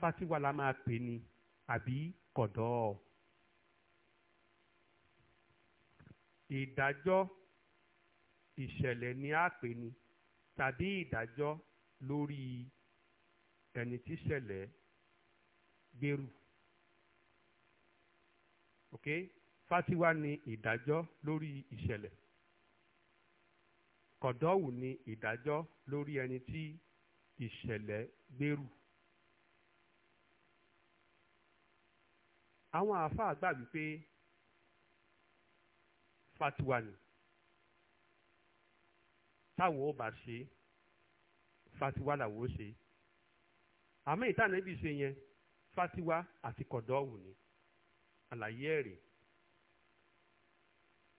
fatiwa la máa pè ní àbí kọ̀dọ́. ìdájọ́ ìṣẹ̀lẹ̀ ni a pè ní tàbí ìdájọ́ lórí ẹni tí ṣẹlẹ̀ gbèrú. ok fatiwa ni ìdájọ́ lórí ìṣẹ̀lẹ̀ kọ̀dọ́wù ni ìdájọ́ lórí ẹni tí ìṣẹ̀lẹ̀ gbèrú. àwọn àáfàá gbà wípé fatiwa ni táwọn ò bá ṣe fatiwa làwọn ò ṣe àmọ́ ìtànẹ́bí ṣe yẹn fatiwa àti kọ̀dọ́ọ̀wù ni àlàyé ẹ̀rí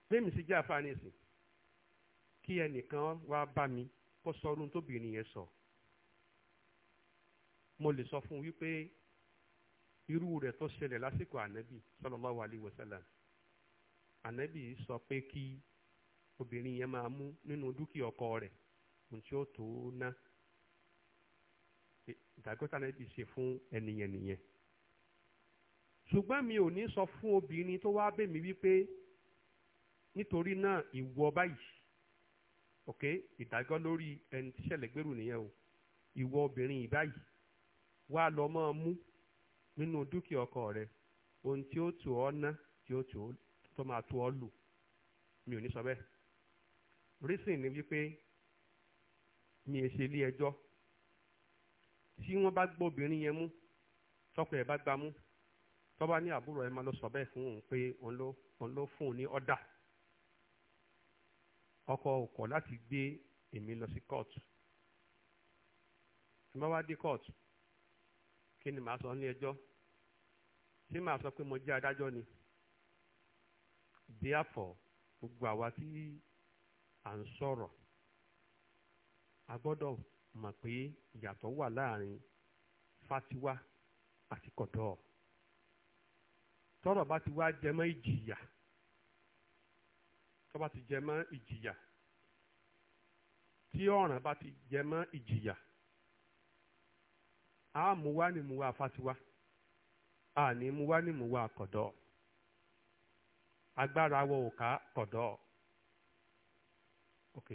bẹ́ẹ̀mì sí jẹ́ àfáàníṣì kí ẹnìkan wá bá mi kó sọ ọdún tóbìnrin yẹn sọ mo lè sọ fún un wípé irú rẹ̀ tó ṣẹlẹ̀ lásìkò ànábì sallallahu alaihi wasallam ànábì sọ pé kí obìnrin yẹn máa mú nínú dúkìá ọkọ rẹ̀ ohun tí ó tó ná ìdágọ́ta ànábì ṣe fún ẹnìyẹn nìyẹn ṣùgbọ́n mi ò ní sọ fún obìnrin tó wá bẹ̀ mí wípé nítorí náà ìwọ báyìí ok ìdájọ́ lórí ẹni tíṣẹ̀lẹ̀ gbèrú nìyẹn o ìwọ obìnrin yìí wá lọ máa mú nínú dúkìá ọkọ rẹ ohun tí ó tù ọ́ ná tí ó tù ọ́ tó máa tù ọ́ lù mi ò ní sọ bẹ́ẹ̀ rísìn ni wípé mi è ṣe ilé ẹjọ́ tí wọ́n bá gbọ́ obìnrin yẹn mú tọkọ ẹ̀ bá gbá mú tọ́ba ní àbúrò ẹ̀ máa lọ sọ bẹ́ẹ̀ fún òun pé òun ló fún un ní ọ̀dà ọkọ òkọ̀ láti gbé èmi lọ sí kóòtù tí wọ́n bá dé kóòtù kí ni màá sọ ní ẹjọ́ ṣé màá sọ pé mo jẹ́ adájọ́ ni therefore gbogbo àwa tí à ń sọ̀rọ̀ a gbọ́dọ̀ mọ̀ pé ìyàtọ̀ wà láàrin fatiwa àti kọ̀dọ̀ tọ́rọ̀ bá ti wá jẹmọ́ ìjìyà tọ́ bá ti jẹmọ́ ìjìyà tí ọ̀ràn bá ti jẹmọ́ ìjìyà a mú wá ní mú wá fatiwa a ní mú wá ní mú wá kọ̀dọ̀ agbára wọ òkà kọ̀dọ̀ ok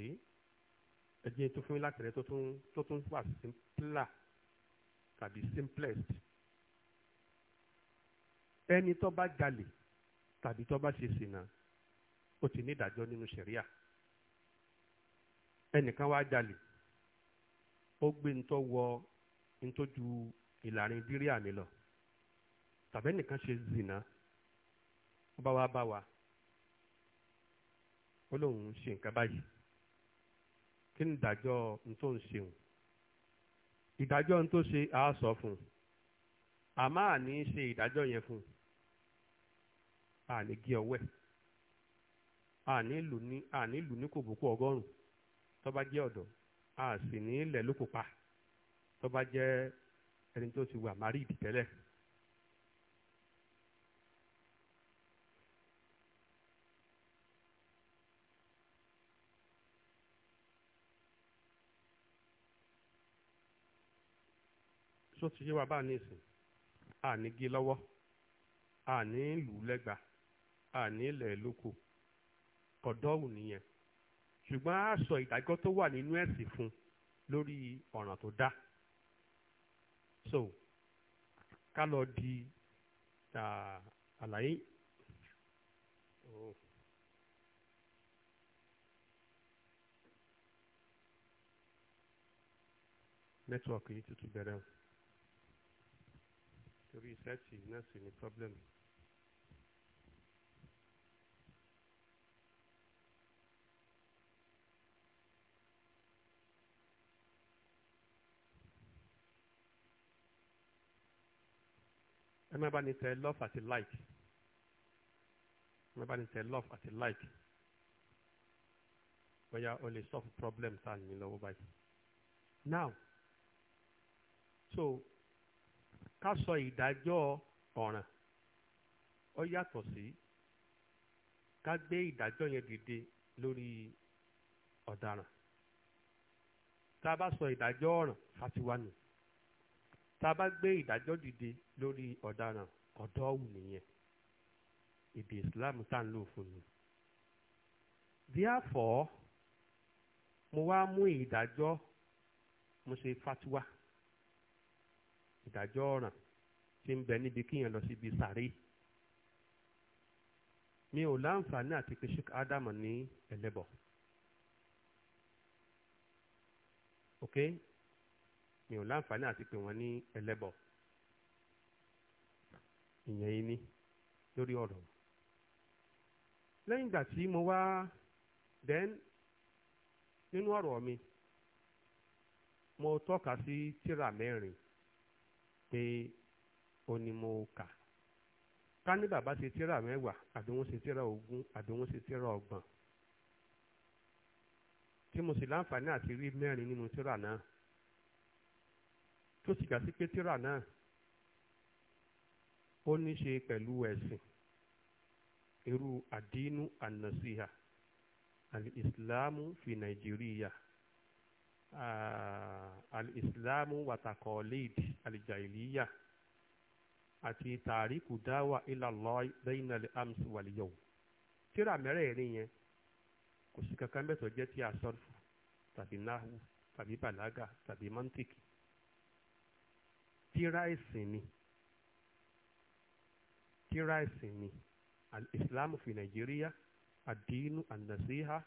ẹ jẹ́ tó fún mi látẹ̀rẹ́ tó tún tó tún wà simpler tàbí simplest ẹni tó bá jalè tàbí tó bá ṣe ṣìnà ó ti ní ìdájọ́ nínú ṣẹ̀ríà ẹnìkan wá jalè ó gbé ń tọ́ wọ ń tójú ìlàrin bíríà mi lọ tàbí ẹnìkan ṣe zìnà ó bá wa bá wa ó lóun ṣe nǹkan báyìí kí ni ìdájọ́ n ń ṣeun ìdájọ́ n ṣe á sọ fún a máa ní ṣe ìdájọ́ yẹn fún a ní gé ọwọ́ a ní lù ní a ní lù ní kòbókò ọgọ́rùn-ún tó bá ọ̀dọ́ a sì ní ilẹ̀ lókòpa tó bá jẹ́ ẹni tó ti wà márìdì tẹ́lẹ̀. tó ti yé wa bá ní ìsìn a ní gé lọ́wọ́ a ní lù ú lẹ́gba a ní ilẹ̀ lóko kọ̀dọ́ọ̀hù nìyẹn ṣùgbọ́n a sọ ìdájọ́ tó wà nínú ẹ̀sìn fún lórí ọ̀ràn tó dá so ká lọ di àlàyé. Oh. nẹ́tíwọ̀kì yìí tuntun bẹ̀rẹ̀ o torí sẹ́ẹ̀tì náà sì ní pọ́blẹ́mù. má bá ní tẹ love àti like má bá ní tẹ love àti like bóyá o lè solve problem tá a ní lọ́wọ́ báyìí now so ká sọ ìdájọ́ ọ̀ràn ó yàtọ̀ sí ká gbé ìdájọ́ yẹn dìde lórí ọ̀daràn tá a bá sọ ìdájọ́ ọ̀ràn fatiwa nù tá a bá gbé ìdájọ́ dìde lórí ọ̀daràn ọ̀dọ́wù nìyẹn èdè Islam tá à lò fún mi. therefore mo wá mú ìdájọ́ mo ṣe fatiwa ìdájọ́ ọ̀ràn tí ń bẹ níbi kíyàn lọ síbi sàárè mi ò láǹfààní àti pé Sheikh Adam ní ẹlẹ́bọ̀ mi ò láǹfààní àti pè wọ́n ní ẹlẹ́bọ ìyẹn iní lórí ọ̀rọ̀ lẹ́yìn ìgbà tí mo wá then nínú ọ̀rọ̀ mi mo tọ́ka sí tírà mẹ́rin pé ó ní mo kà ká ní bàbá ṣe tírà mẹ́wàá àdéhùn ṣe tírà ogún àdéhùn ṣe tírà ọgbọ̀n tí mo sì láǹfààní àti rí mẹ́rin nínú tírà náà tó sì gà sí pé tírà náà ó ní ṣe pẹ̀lú ẹ̀sìn irú àdínú ànàsíhà alìsílámù fi nàìjíríà alìsílámù wàtàkọ̀ọ́lẹ́ẹ̀dì alìjàìlíyà àti tàríkù dáwà ìlàlọ́ lẹ́yìn alẹ́ àmsì wàlíyọ̀wò tírà mẹ́rẹ̀ẹ̀rin yẹn kò sí kankan bẹ́ẹ̀ jẹ́ tí a tàbí náhù tàbí bàlágà tàbí mọ́ntìkì tíra ẹ̀sìn ni tíra ẹ̀sìn ni al-islam fi nàìjíríà ad-dinu an-nasiha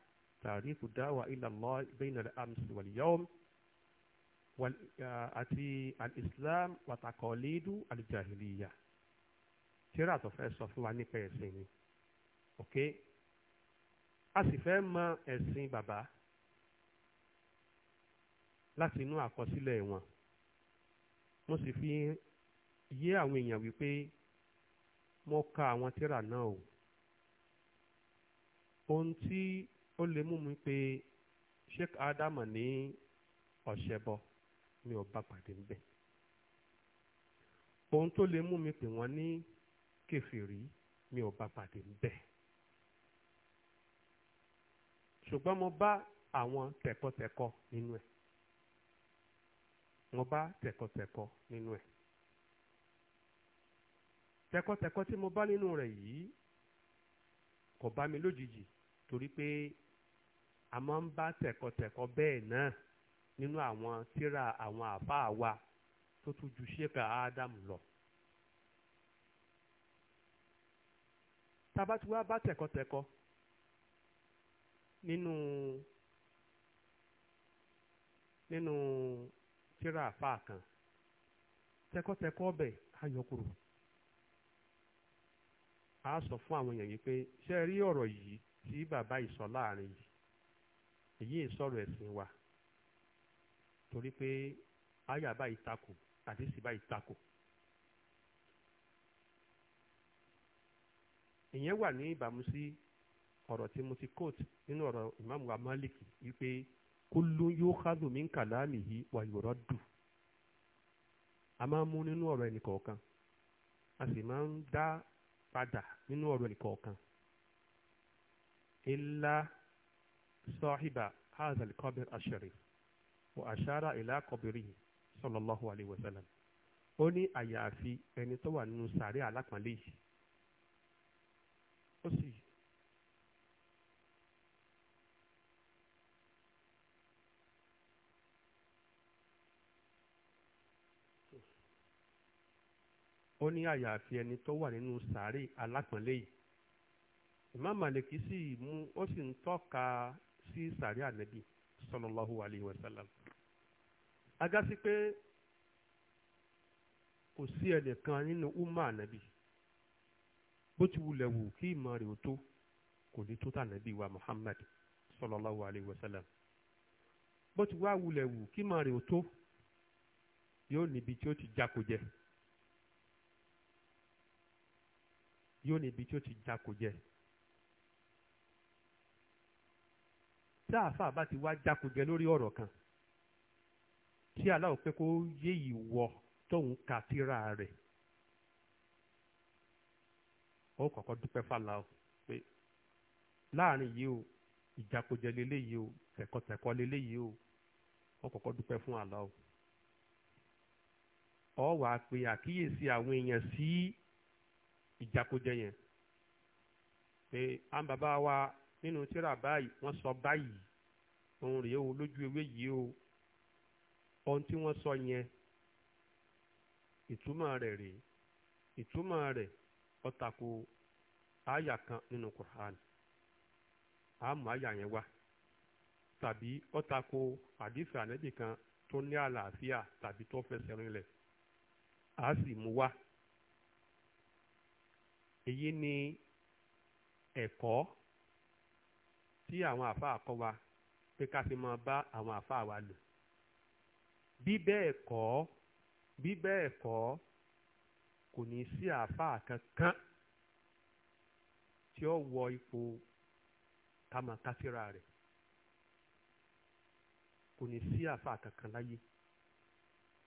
tàrífù dáwà ila Allah bayna al-amsi wal-yawm uh, àti al-islam wa taqalidu al-jahiliya tíra tó fẹ́ sọ fún wa nípa ẹ̀sìn ni ok a sì fẹ́ mọ ẹ̀sìn bàbá láti inú àkọsílẹ̀ wọn mo sì fi yé àwọn èèyàn wípé mo ka àwọn tírà náà o ohun tí ó lè mú mi pé Sheikh Adam ní ọ̀ṣẹ́bọ mi ò bá pàdé níbẹ̀ ohun tó lè mú mi pè wọ́n ní kẹfìrí mi ò bá pàdé níbẹ̀ ṣùgbọ́n mo bá àwọn tẹ̀kọ̀tẹ̀kọ̀ nínú ẹ̀ mo bá tẹ̀kọ̀tẹ̀kọ̀ nínú ẹ̀ tẹ̀kọ̀tẹ̀kọ̀ tí mo bá nínú rẹ̀ yìí kò bá mi lójijì torí pé a máa ń bá tẹ̀kọ̀tẹ̀kọ̀ bẹ́ẹ̀ náà nínú àwọn tírà àwọn àfáà wa tó tún ju ṣéka ádámù lọ. tába tí wàá bá tẹ̀kọ̀tẹ̀kọ̀ nínú nínú tíra àfáà kan tẹkọtẹkọ ọbẹ ayọkùrù a sọ fún àwọn èèyàn yìí pé ṣe rí ọ̀rọ̀ yìí tí bàbá yìí sọ láàrin yìí èyí ìsọ̀rọ̀ ẹ̀sìn wa torí pé àyà báyìí takò àdìsí báyìí takò ìyẹn wà ní ìbámu sí ọ̀rọ̀ tí mo ti quote nínú ọ̀rọ̀ ìmáàmù wa Malik pé. kullu yukhadhu min kalamihi wa yuraddu a máa ń mú nínú ọ̀rọ̀ ẹnìkọ̀ọ̀kan a sì máa ń dá padà nínú ọ̀rọ̀ ẹnìkọ̀ọ̀kan illa sahiba hazal qabr asharif wa ashara ila qabrihi sallallahu alayhi wa sallam ó ní àyàfi ẹni tó wà nínú sàárẹ̀ alápọ̀nlé yìí ó sì ó ní àyàfi ẹni tó wà nínú sàárè alápọ̀nlé yìí Imam Maliki sì mú ó sì ń tọ́ka sí sàárè ànábì sallallahu alayhi wa sallam agasi pé kò sí ẹnìkan nínú umma ànábì bó ti wulẹ̀ wù kí ìmọ̀ rẹ̀ ó tó kò ní tó tànábì wa Muhammad sallallahu alayhi wa sallam bó ti wá wulẹ̀ wù kí ìmọ̀ rẹ̀ ó tó yóò níbi tí ó ti jákòjẹ́. yóò ní ibi tí ó ti já kó jẹ. tá àáfàá bá ti wá jákujẹ lórí ọ̀rọ̀ kan tí aláwọ̀ pé kó yé ìwọ tóun kà síra rẹ̀ ó kọ́kọ́ dúpẹ́ fàlà pé láàrin yìí o ìjákujẹ leléyìí o tẹ̀kọ̀tẹ̀kọ̀ leléyìí o ó kọ́kọ́ dúpẹ́ fún àlá ọ wàá pe àkíyèsí àwọn èèyàn sí. Si ìjákójẹ yẹn pé à ń bàbá wa nínú bayi báyìí wọ́n sọ báyìí òun rèé o lójú ewé yìí o ohun tí wọ́n sọ yẹn ìtumọ̀ rẹ̀ rèé ìtumọ̀ rẹ̀ ó àyà kan nínú Qur'an àmọ́ àyà yẹn wá tàbí ó tako àdìsí kan tó ní àlàáfíà tàbí tó fẹsẹ̀ rinlẹ̀ a sì mú wá èyí ni ẹ̀kọ́ tí àwọn àfáà kọ́ wa pé ká fi máa bá àwọn àfáà wa lò bí bẹ́ẹ̀ kọ́ bí bẹ́ẹ̀ kọ́ kò ní sí àfáà kankan tí ó wọ ipò kàmàkásíra rẹ̀ kò ní sí àfáà kankan láyé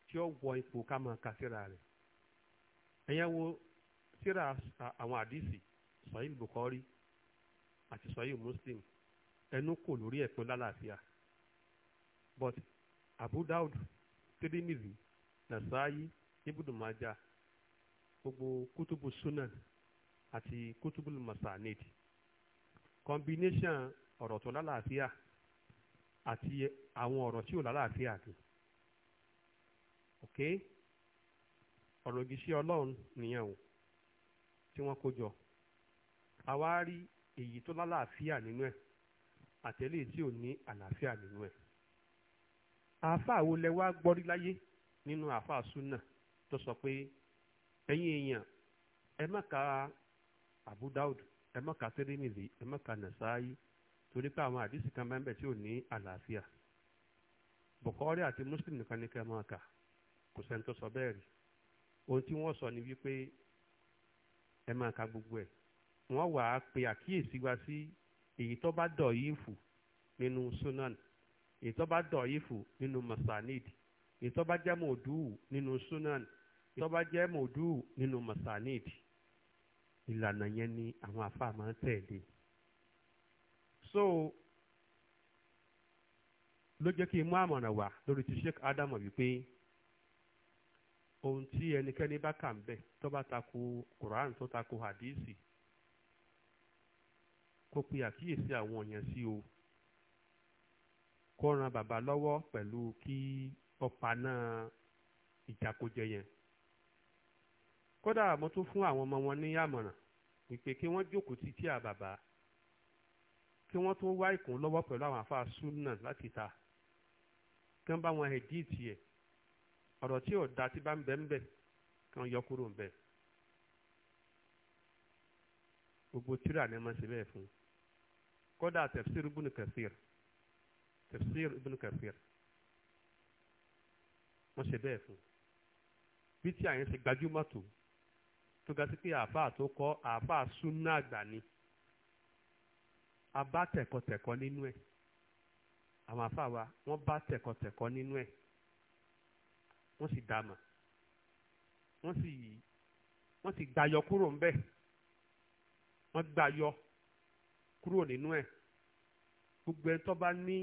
tí ó wọ ipò kàmàkásíra rẹ̀ ẹ̀yẹ́wò tíra àwọn àdìsí sahih bukhari àti sahih muslim ẹnu kò lórí ẹ̀pẹ́ lálàáfíà but abu daud tirimizi nasayi ibùdó maja gbogbo kútùbù sunan àti kútùbù masanid combination ọ̀rọ̀ tó lálàáfíà àti àwọn ọ̀rọ̀ tí ò lálàáfíà ni ok ọ̀rọ̀ ògìṣẹ́ ọlọ́run nìyẹn o tí wọ́n kó jọ àwa rí èyí tó lálàáfíà nínú ẹ̀ àtẹ̀lé tí ò ní àlàáfíà nínú ẹ̀ àáfàá wo lẹ wá gbọ́rí láyé nínú àáfàá súnà tó sọ pé ẹ̀yin èèyàn ẹ má ka Abu Daud ẹ má ka Tirmidhi ẹ má ka Nasa'i torí pé àwọn àdìsí kan bẹ́ẹ̀ tí ò ní àlàáfíà Bukhari àti Muslim nìkan ní kẹ́ máa kà kò sẹ́ni tó sọ bẹ́ẹ̀ rí ohun tí wọ́n sọ ni wípé ẹ máa ka gbogbo ẹ̀ wọ́n wà á pe àkíyèsí wa sí èyí tó bá dọ̀ yìí fù nínú sunan èyí tó bá dọ̀ yìí fù nínú masanid èyí tó bá jẹ́ mòdù nínú sunan èyí tó bá jẹ́ mòdù nínú masanid ìlànà yẹn ni àwọn àfáà máa ń tẹ̀lé so ló jẹ́ kí n mú àmọ̀ràn wá lórí ti Sheikh Adam wípé ohun tí ẹnikẹ́ni bá kà ń bẹ̀ tó bá tako Quran tó tako hadisi kó pe àkíyèsí àwọn èèyàn sí o kó ran bàbá lọ́wọ́ pẹ̀lú kí ọ̀pá náà ìjàkójẹ yẹn kódà mo tún fún àwọn ọmọ wọn ní àmọ̀ràn wípé kí wọ́n jókòó ti tíà bàbá kí wọ́n tún wá ìkún lọ́wọ́ pẹ̀lú àwọn àfa láti ta kí wọ́n bá wọn ẹ̀díìtì ẹ̀ ọ̀rọ̀ tí ò da tí bá ń bẹ ń bẹ kàn yọ kúrò ń bẹ gbogbo tíra ni ma ṣe bẹ́ẹ̀ fún kódà tafsir ibn kathir tafsir ibn kathir wọ́n ṣe bẹ́ẹ̀ fún bí tí àyẹn ṣe gbajúmọ̀ tó tó ga sí pé àáfàá tó kọ́ àáfàá súnà àgbà ni a tẹ̀kọ̀tẹ̀kọ̀ nínú ẹ̀ àwọn àáfàá wa wọ́n bá tẹ̀kọ̀tẹ̀kọ̀ nínú ẹ̀ wọ́n sì dàmà wọ́n sì wọ́n sì gbàyọ kúrò ńbẹ̀ wọ́n gbàyọ kúrò nínú ẹ̀ gbogbo ẹni tó bá ní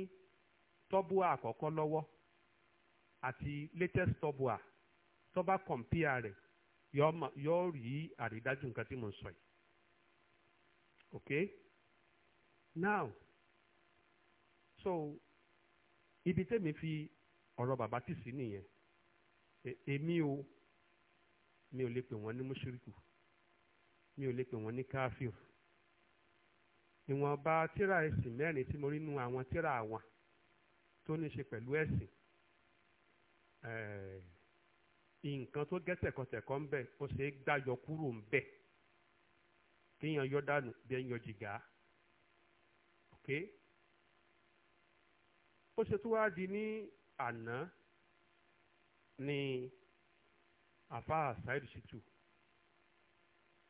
tọ́bùà àkọ́kọ́ lọ́wọ́ àti latest tọ́bùà tó bá kọ̀m̀pìà rẹ̀ yóò rí àrídájú nǹkan tí mo ń sọ yìí okay now so ibi tẹ́mi fi ọ̀rọ̀ bàbá tì nìyẹn E, èmi o mi ò lè pè wọ́n ní mùṣíríkù mi ò lè pè wọ́n ní káfíù ìwọ̀nba tíra ẹ̀sìn mẹ́rin tí mo rí nu àwọn tíra àwọn tó ní ṣe pẹ̀lú ẹ̀sìn eh, nǹkan tó gẹ́ ń bẹ̀ ó ṣe é gbáyọ kúrò ń bẹ̀ kéèyàn yọ dànù bí yọ jìgá ok ó ṣe tó wá di ní àná ní àfáà Saheed Shittu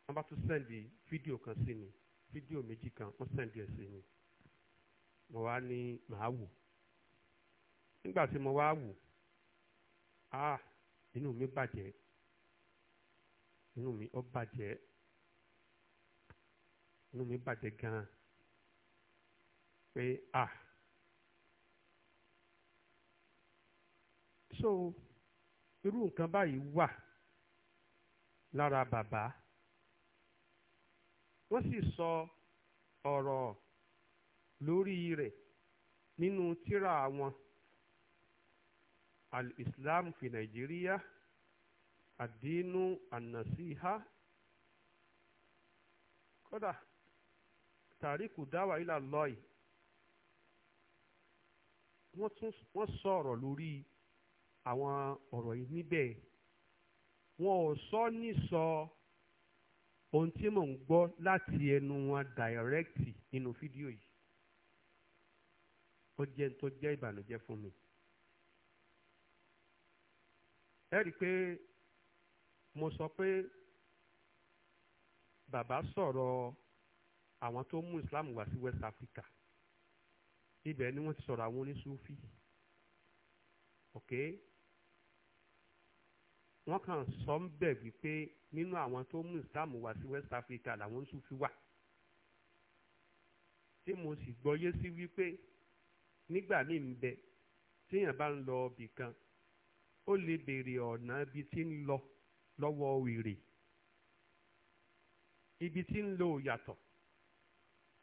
wọ́n bá tún sẹ́ndì fídíò kan sí mi fídíò méjì kan wọ́n sẹ́ndì ẹ̀ sí mi mo wá ní màá wò nígbà tí mo wá wò á ah, inú mi bàjẹ́ inú mi ó bàjẹ́ inú mi bàjẹ́ gan-an pé à ah. so irú nǹkan báyìí wà lára bàbá wọ́n sì sọ ọ̀rọ̀ lórí rẹ̀ nínú tírà wọn al-islam fi nàìjíríà àdínú ànàsíhá kódà tàríkù dáwà ilà lọ́ọ̀ì wọ́n sọ ọ̀rọ̀ lórí rẹ̀ àwọn ọ̀rọ̀ yìí níbẹ̀ wọn ò sọ ní sọ ohun tí mò ń gbọ́ láti ẹnu wọn dàírẹ́kìtì nínú fídíò yìí ó jẹ́ tó jẹ́ ìbànújẹ́ fún mi. ẹ rí i pé mo sọ pé bàbá sọ̀rọ̀ àwọn tó mú Islam wá sí West Africa ibẹ̀ ni wọ́n ti sọ̀rọ̀ àwọn oníṣúfì. Okay? wọ́n kàn sọ ń bẹ̀ wípé nínú àwọn tó mú islam wá sí West Africa làwọn Sufi wà tí mo sì gbọ́yé sí wípé nígbà míì ń bẹ téèyàn bá ń lọ ibì kan ó lè béèrè ọ̀nà ibi tí ń lọ lọ́wọ́ wèrè ibi tí ń lọ ò yàtọ̀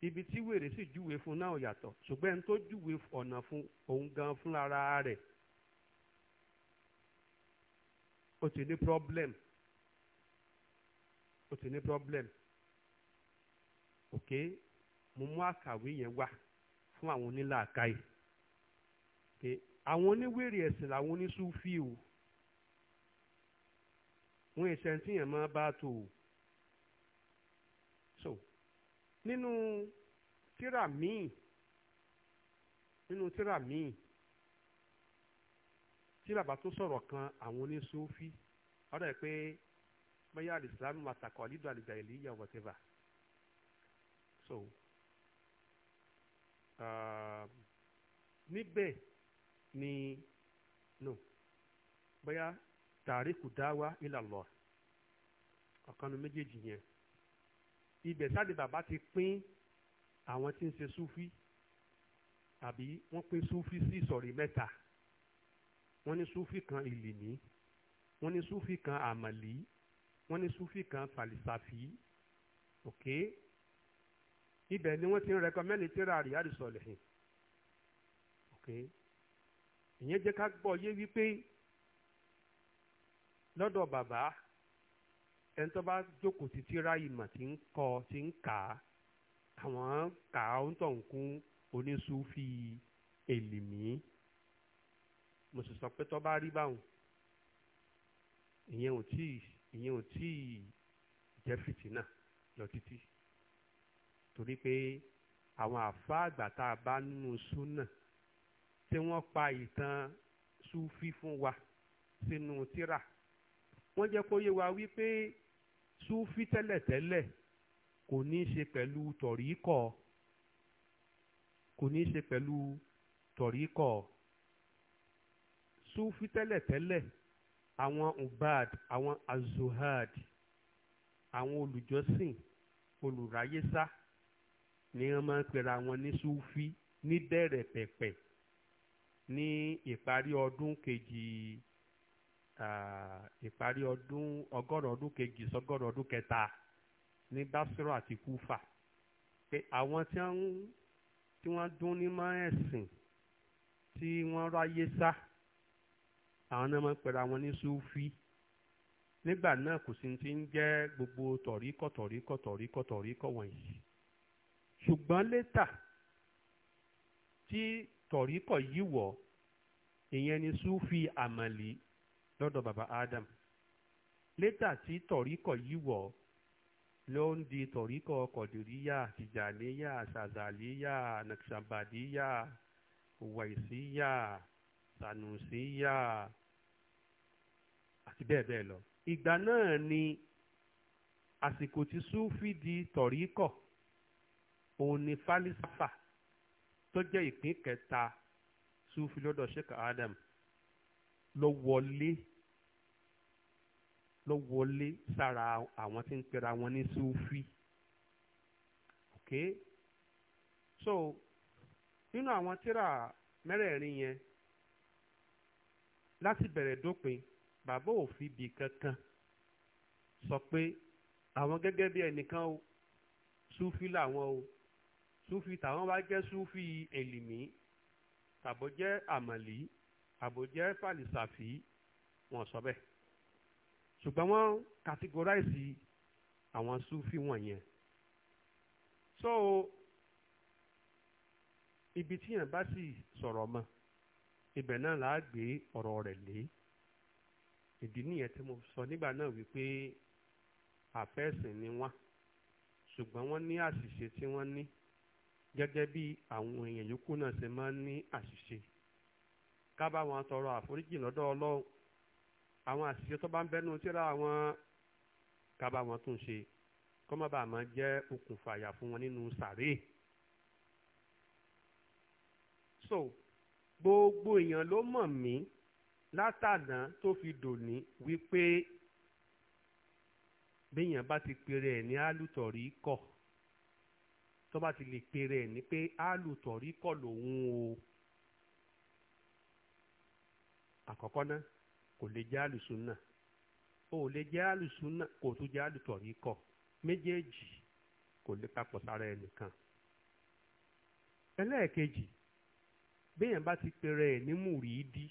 ibi tí wèrè sì júwe fún náà yàtọ̀ ṣùgbọ́n tó júwe ọ̀nà fún òun gan fúnra rẹ̀ o ti ní problem o ti ní problem ok mo mú àkàwé yẹn wá fún àwọn onílàákàyè ok àwọn oníwèrè ẹ̀sìn làwọn onísúfì o wọn ẹ̀sẹ̀ tí yẹn máa bá tó o so nínú tírà míì nínú tírà míì tí bàbá tó sọ̀rọ̀ kan àwọn oníṣòfì ọ̀dọ̀ ẹ̀ pé bóyá alìsílámù àtàkọ́ lídò àlìjà ìlú yà whatever so uh, níbẹ̀ ni no bóyá tàríkù dáwà ìlàlọ́ ọ̀kanu méjèèjì yẹn ibẹ̀ sáde bàbá ti pín àwọn tí ń ṣe súfì àbí wọ́n pín súfì sí ìsọ̀rí mẹ́ta wọ́n ní súfì kan ìlìní wọ́n ní súfì kan àmàlí wọ́n ní súfì kan fàlìsàfì ok ibẹ̀ ni wọ́n ti ń rẹkọmẹ́ndì tíra Riyadu Salihin ok ìyẹn jẹ́ ká gbọ́ yé wípé lọ́dọ̀ bàbá ẹni tó bá jókòó ti tíra ìmọ̀ tí ń kọ tí ń kà á àwọn kà á ń tọ̀ ń kún onísúfì èlìmí mo sì sọ pé tó bá rí báwọn ìyẹn ò tí ìyẹn ò tí jẹ́ fìtínà lọ títí torí pé àwọn àfa àgbà tá a bá nínú súnà tí wọ́n pa ìtàn súfí fún wa sínú tírà wọ́n jẹ́ kó yé wa wípé súfí tẹ́lẹ̀tẹ́lẹ̀ kò ní í ṣe pẹ̀lú tọ̀ríkọ̀ kò ní í ṣe pẹ̀lú tọ̀ríkọ̀ sufi tẹ́lẹ̀tẹ́lẹ̀ àwọn ubad àwọn azuhad àwọn olùjọ́sìn olùráyésá ni wọ́n máa ń pera wọn ní sufi ní bẹ̀rẹ̀ pẹ̀pẹ̀ ní ìparí ọdún kejì ìparí ọdún ọgọ́rùn ọdún kejì sọgọ́rùn ọdún kẹta ní Basra àti Kúfà pé àwọn tí wọ́n dún ní mọ́ ẹ̀sìn tí wọ́n ráyé sá àwọn náà máa ń wọn ní sufi nígbà náà kò sí ti ń jẹ́ gbogbo tọ̀ríkọ̀ tọ̀ríkọ̀ tọ̀ríkọ̀ tọ̀ríkọ̀ wọ̀nyí ṣùgbọ́n létà tí tọ̀ríkọ̀ yìí wọ̀ ìyẹn ni sufi àmàlí lọ́dọ̀ baba Adam létà tí tọ̀ríkọ̀ yìí wọ̀ ló ń di tọ̀ríkọ̀ kọ̀dìríyà tìjàníyà sàzàlíyà wàìsíyà sànùsíyà. àti bẹ́ẹ̀ bẹ́ẹ̀ lọ ìgbà náà ni àsìkò tí súfì di tọ̀ríkọ̀ òun ni fálísàfà tó jẹ́ ìpín kẹta súfì lọ́dọ̀ sheikh adam ló wọlé ló wọlé sára àwọn tí ń pera wọn ní súfì ok so nínú àwọn tíra mẹ́rẹ̀ẹ̀rin yẹn láti bẹ̀rẹ̀ dópin bàbá ò fi bì kankan sọ pé àwọn gẹ́gẹ́ bí ẹnìkan o súfì làwọn o súfì tàwọn wá jẹ́ súfì èlìmí tàbó jẹ́ àmàlí àbò jẹ́ fàlìsàfì wọn sọ bẹ́ẹ̀ ṣùgbọ́n wọ́n kàtígóráìsì àwọn súfì wọ̀nyẹn so ibi tí yẹn bá sì sọ̀rọ̀ mọ́ ibẹ̀ náà là gbé ọ̀rọ̀ rẹ̀ lé ìdí nìyẹn tí mo sọ nígbà náà wípé àfẹ́sìn ni wọ́n ṣùgbọ́n wọ́n ní àṣìṣe tí wọ́n ní gẹ́gẹ́ bí àwọn èèyàn yòókù náà ṣe máa ń ní àṣìṣe ká bá wọn tọrọ àforíjì lọ́dọ̀ ọlọ́run àwọn àṣìṣe tó bá ń bẹnu síra wọn ká bá wọn tún ṣe kó má bàa máa jẹ́ okùnfà àyà fún wọn nínú sàréè. so gbogbo èèyàn ló mọ̀ mí látànà tó fi dòní wípé béèyàn bá ti pèrè ẹ̀ ní alùtọ̀rí kọ̀ tó bá ti lè pèrè ẹ̀ ní pé alùtọ̀rí kọ̀ lòun o àkọ́kọ́ náà kò lè jẹ́ alùsùnà o ò lè jẹ́ alùsùnà kò tún jẹ́ alùtọ̀rí kọ̀ méjèèjì kò lè papọ̀ sára ẹnìkan ẹlẹ́ẹ̀kejì béèyàn bá ti pèrè ẹ̀ ní mùrìídìí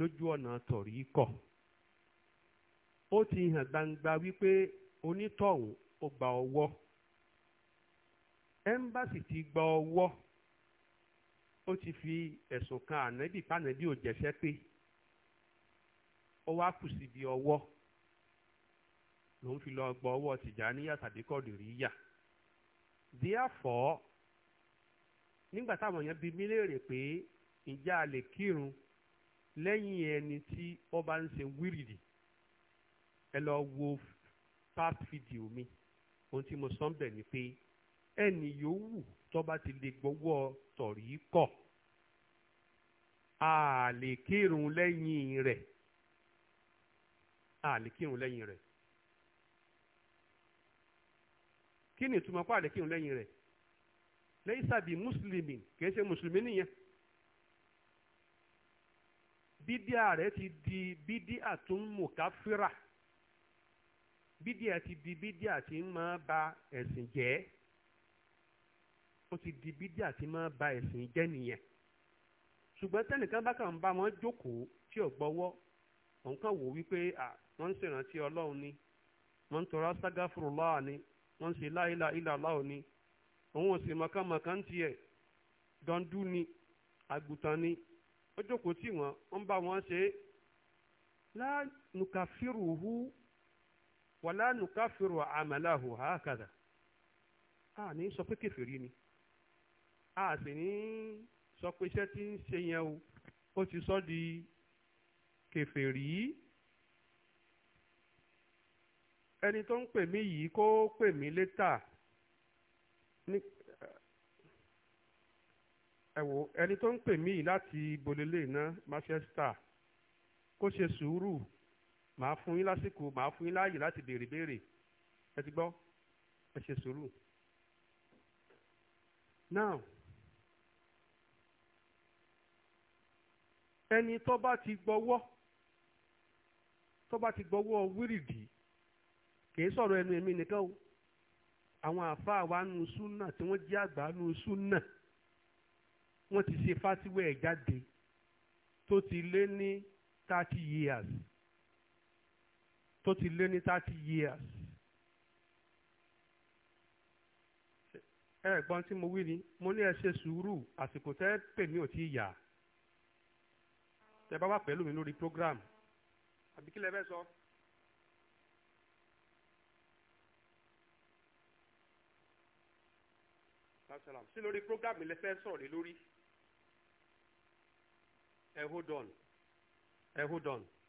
lójú ọ̀nà tọ̀rí kọ̀ ó ti hàn gbangba wípé onítọ̀hún ó gba ọwọ́ ẹ́mbáàsì ti gba ọwọ́ ó ti fi ẹ̀sùn kan ànábì pànábì ò jẹ́sẹ́ pé ó wá kù síbi ọwọ́ ló fi lọ gba ọwọ́ tìjàníyà tàbí kọ́dìríyà díàfọ́ nígbà táwọn èèyàn bi mí léèrè pé ǹjẹ́ a lè kírun lẹ́yìn ẹni tí wọ́n bá ń ṣe wírìdì ẹ lọ wo past video mi ohun tí mo sọ ń bẹ̀ ni pé ẹni yòówù tó bá ti lè gbọ́wọ́ tọ̀rí kọ̀ a lè kírun lẹ́yìn rẹ̀ a lè kírun lẹ́yìn rẹ̀ kí ni ìtumọ̀ pa a lẹ́yìn rẹ̀ lẹ́yìn sábì mùsùlùmí kì í ṣe mùsùlùmí nìyẹn bídíà rẹ̀ ti di bídíà tó ń mú káfíra bídíà ti di bídíà tí ń máa ba ẹ̀sìn jẹ́ ó ti di bídíà tí máa ba ẹ̀sìn jẹ́ nìyẹn ṣùgbọ́n tẹ́nìkan bá kàn ń bá wọn jókòó tí ò gbọ́wọ́ òun kàn wò wípé wọ́n ń ṣèrántí ọlọ́run ni wọ́n ń tọrọ astaghfirullah ni wọ́n ń ṣe la ilaha illallah ni òun ò sì mọ̀kànmọ̀kàn tiẹ̀ dọ́ndú ni àgùntàn ni ó jókòó tì wọ́n ó ń bá wọn ṣe lánùkàfírùhù wà lánùkàfírù àmàláhù àákàdà a ní sọ pé kèfèrí ni a sì ní sọ pé iṣẹ́ tí ń ṣe yẹn o ó ti sọ di kèfèrí ẹni tó ń pè mí yìí kó pè mí létà ẹ wò ẹni tó ń pè mí láti bolele iná Manchester kó ṣe sùúrù màá fún yín lásìkò màá fún yín láàyè láti béèrè béèrè ẹ ti gbọ́ ẹ ṣe sùúrù. now ẹni tó bá ti gbọ́wọ́ tó bá ti gbọ́wọ́ wírìdì kì í sọ̀rọ̀ ẹnu èmi nìkan o àwọn àfa àwa nu súnà tí wọ́n jẹ́ àgbà nu súnà wọ́n ti ṣe fásiwẹ̀ ẹ̀ jáde tó ti lé ní thirty years tó ti lé ní thirty years. ẹ̀gbọ́n tí mo wí ni mo ní ẹ ṣe sùúrù àsìkò tẹ́ pè mí ò tí ì bá wà pẹ̀lú mi lórí program àbí kí lẹ fẹ́ sọ. sí lórí program lẹ fẹ́ sọ̀rọ̀ lórí ẹ hold on ẹ hold on.